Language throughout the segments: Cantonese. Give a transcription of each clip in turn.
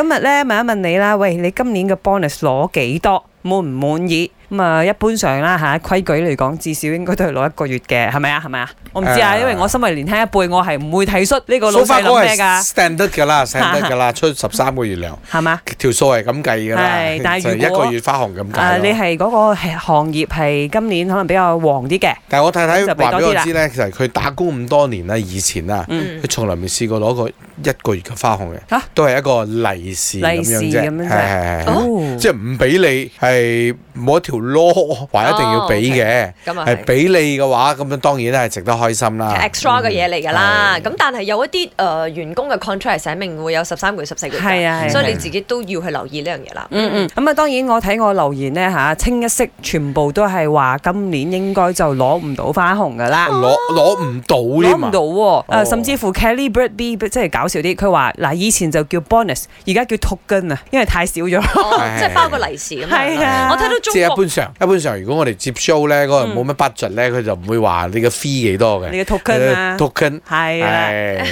今日咧問一問你啦，喂，你今年嘅 bonus 攞幾多？滿唔滿意？咁、嗯、啊，一般上啦吓、啊，規矩嚟講，至少應該都係攞一個月嘅，係咪啊？係咪啊？我唔知啊、呃，因為我身為年輕一輩，我係唔會睇出呢個老細諗咩 standard 㗎啦 ，standard 㗎啦，出十三個月糧係嘛？條數係咁計㗎啦，是但就是、一個月花紅咁計、呃。你係嗰個行業係今年可能比較旺啲嘅。但我太太話俾我知咧，其實佢打工咁多年啦，以前啊，佢、嗯、從來未試過攞過一個月嘅花紅嘅、啊。都係一個利、哦、 是利是，咁樣啫，係即係唔俾你係冇一條。攞一定要俾嘅，係、oh, 俾、okay. 你嘅話，咁樣當然係值得開心啦。Extra 嘅嘢嚟㗎啦，咁但係有一啲誒員工嘅 contract 寫明會有十三個十四個，所以你自己都要去留意呢樣嘢啦。嗯嗯。咁、嗯、啊、嗯，當然我睇我留言咧嚇，清一色全部都係話今年應該就攞唔到花紅㗎啦，攞攞唔到。攞唔到喎、啊啊！甚至乎 Kelly Britt B 即係搞笑啲，佢話嗱以前就叫 bonus，而家叫 token 啊，因為太少咗，哦、 即係包個利是咁、啊、樣。啊，我睇到中國通常，一般上如果我哋接 show 咧，嗰、那個冇乜 budget 咧，佢就唔會話你個 fee 幾多嘅。你嘅 token 啊、uh,？token 係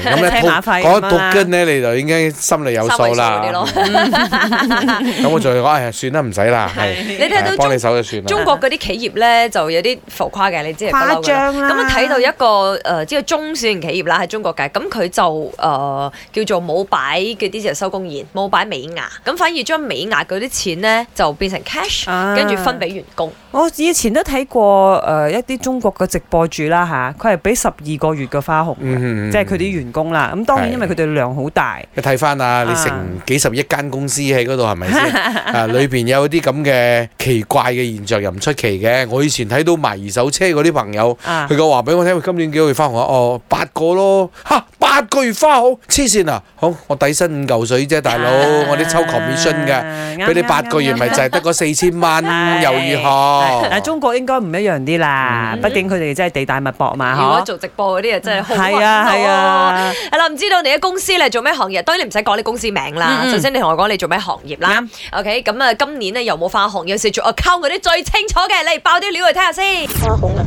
咁咧 t o k e token 咧，你就已經心裏有數啦。咁 我仲要講，唉、哎，算啦，唔使啦。你都幫、啊、你手就算啦。中國嗰啲企業咧，就有啲浮誇嘅，你知係知？誇張咁樣睇到一個誒、呃，即係中小型企業啦，喺中國嘅，咁佢就誒、呃、叫做冇擺嘅啲就收工宴，冇擺尾牙，咁反而將尾牙嗰啲錢咧就變成 cash，跟、啊、住分別。員工，我以前都睇過誒，一啲中國嘅直播主啦，吓，佢係俾十二個月嘅花紅嘅，即係佢啲員工啦。咁當然因為佢哋量好大。你睇翻啊，你成幾十億間公司喺嗰度，係咪先？啊，裏邊有啲咁嘅奇怪嘅現象又唔出奇嘅。我以前睇到賣二手車嗰啲朋友，佢個話俾我聽，佢今年幾個月花紅啊？哦，八個咯，吓。八個月花好黐線啊！好，我底薪五嚿水啫，大佬，我啲抽 commission 嘅，俾你八個月咪就係得個四千蚊又如何？但係中國應該唔一樣啲啦，畢竟佢哋真係地大物博嘛。如果做直播嗰啲人真係好辛苦。係啊係啊，阿林，唔知道你嘅公司你係做咩行業？當然你唔使講你公司名啦，首先你同我講你做咩行業啦。OK，咁啊，今年咧又冇花紅，有少少做 account 嗰啲最清楚嘅，你爆啲料嚟聽下先。花紅啊！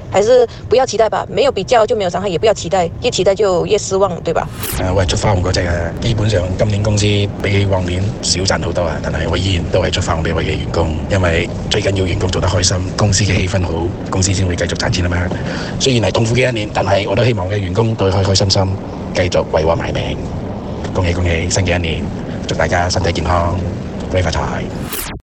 還是不要期待吧，沒有比較就沒有傷害，也不要期待，越期待就越失望，對吧？誒、啊，我是出花紅嗰隻啊，基本上今年公司比起往年少賺好多啊，但是我依然都是出花紅俾我嘅員工，因為最緊要員工做得開心，公司嘅氣氛好，公司先會繼續賺錢啊嘛。雖然係痛苦嘅一年，但係我都希望我嘅員工都開開心心，繼續為我賣命。恭喜恭喜，新嘅一年，祝大家身體健康，恭喜發財。